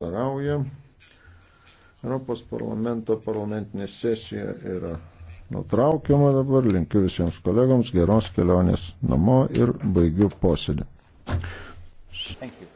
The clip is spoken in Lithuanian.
tarauja. Europos parlamento parlamentinė sesija yra nutraukiama dabar. Linkiu visiems kolegoms geros kelionės namo ir baigiu posėdį. Thank you.